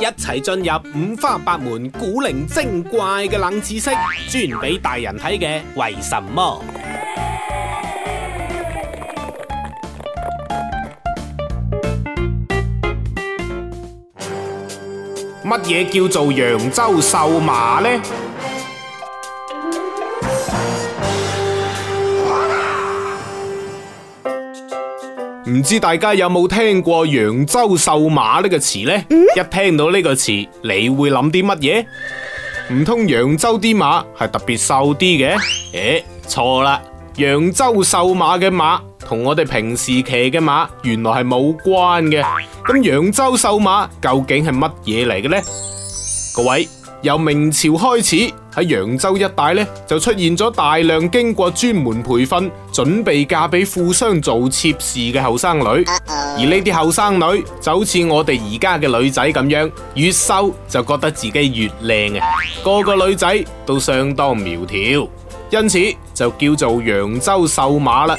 一齊進入五花八門古靈精怪嘅冷知識，專俾大人睇嘅，為什麼？乜嘢叫做揚州瘦馬呢？唔知大家有冇聽過揚州瘦馬呢個詞呢？嗯、一聽到呢個詞，你會諗啲乜嘢？唔通揚州啲馬係特別瘦啲嘅？誒、欸，錯啦！揚州瘦馬嘅馬同我哋平時騎嘅馬，原來係冇關嘅。咁揚州瘦馬究竟係乜嘢嚟嘅呢？各位。由明朝開始喺揚州一帶咧，就出現咗大量經過專門培訓、準備嫁俾富商做妾侍嘅後生女。Uh oh. 而呢啲後生女就好似我哋而家嘅女仔咁樣，越瘦就覺得自己越靚啊！個個女仔都相當苗條，因此就叫做揚州瘦馬啦。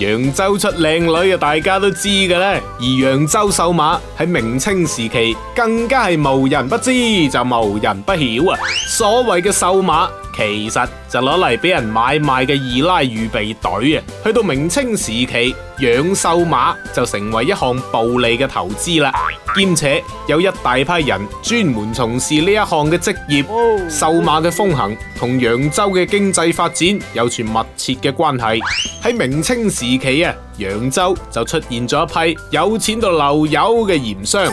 揚州出靚女大家都知㗎喇。而揚州瘦馬喺明清時期更加係無人不知就無人不曉啊。所謂嘅瘦馬。其實就攞嚟俾人買賣嘅二奶預備隊啊！去到明清時期，養瘦馬就成為一項暴利嘅投資啦，兼且有一大批人專門從事呢一項嘅職業。瘦馬嘅風行同揚州嘅經濟發展有住密切嘅關係。喺明清時期啊，揚州就出現咗一批有錢到漏油嘅鹽商，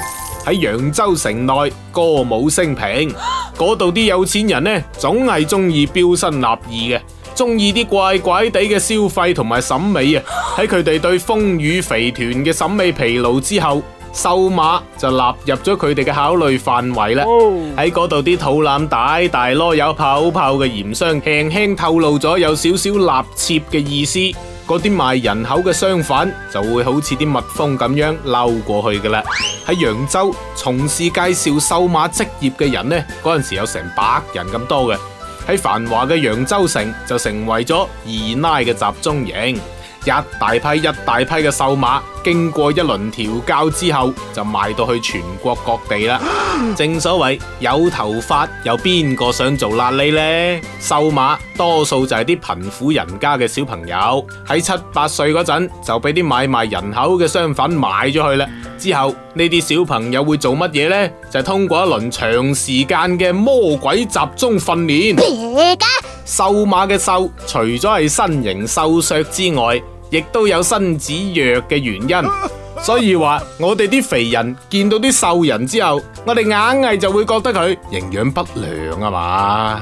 喺揚州城內歌舞昇平。嗰度啲有錢人呢，總係中意標新立異嘅，中意啲怪怪地嘅消費同埋審美啊！喺佢哋對豐乳肥臀嘅審美疲勞之後，瘦馬就納入咗佢哋嘅考慮範圍啦。喺嗰度啲肚腩大，大，大、大囉有泡泡嘅鹽商輕輕透露咗有少少納妾嘅意思。嗰啲賣人口嘅商販就會好似啲蜜蜂咁樣溜過去噶啦。喺揚州從事介紹瘦馬職業嘅人呢，嗰陣時有成百人咁多嘅。喺繁華嘅揚州城就成為咗二奶嘅集中營。一大批一大批嘅瘦馬經過一輪調教之後，就賣到去全國各地啦。 正所謂有頭髮，有邊個想做邋里呢？瘦馬多數就係啲貧苦人家嘅小朋友，喺七八歲嗰陣就俾啲買賣人口嘅商品買咗去啦。之後呢啲小朋友會做乜嘢呢？就係通過一輪長時間嘅魔鬼集中訓練。瘦在馬嘅瘦，除咗係身形瘦削之外，亦都有身子弱嘅原因，所以話我哋啲肥人見到啲瘦人之後，我哋硬係就會覺得佢營養不良啊嘛。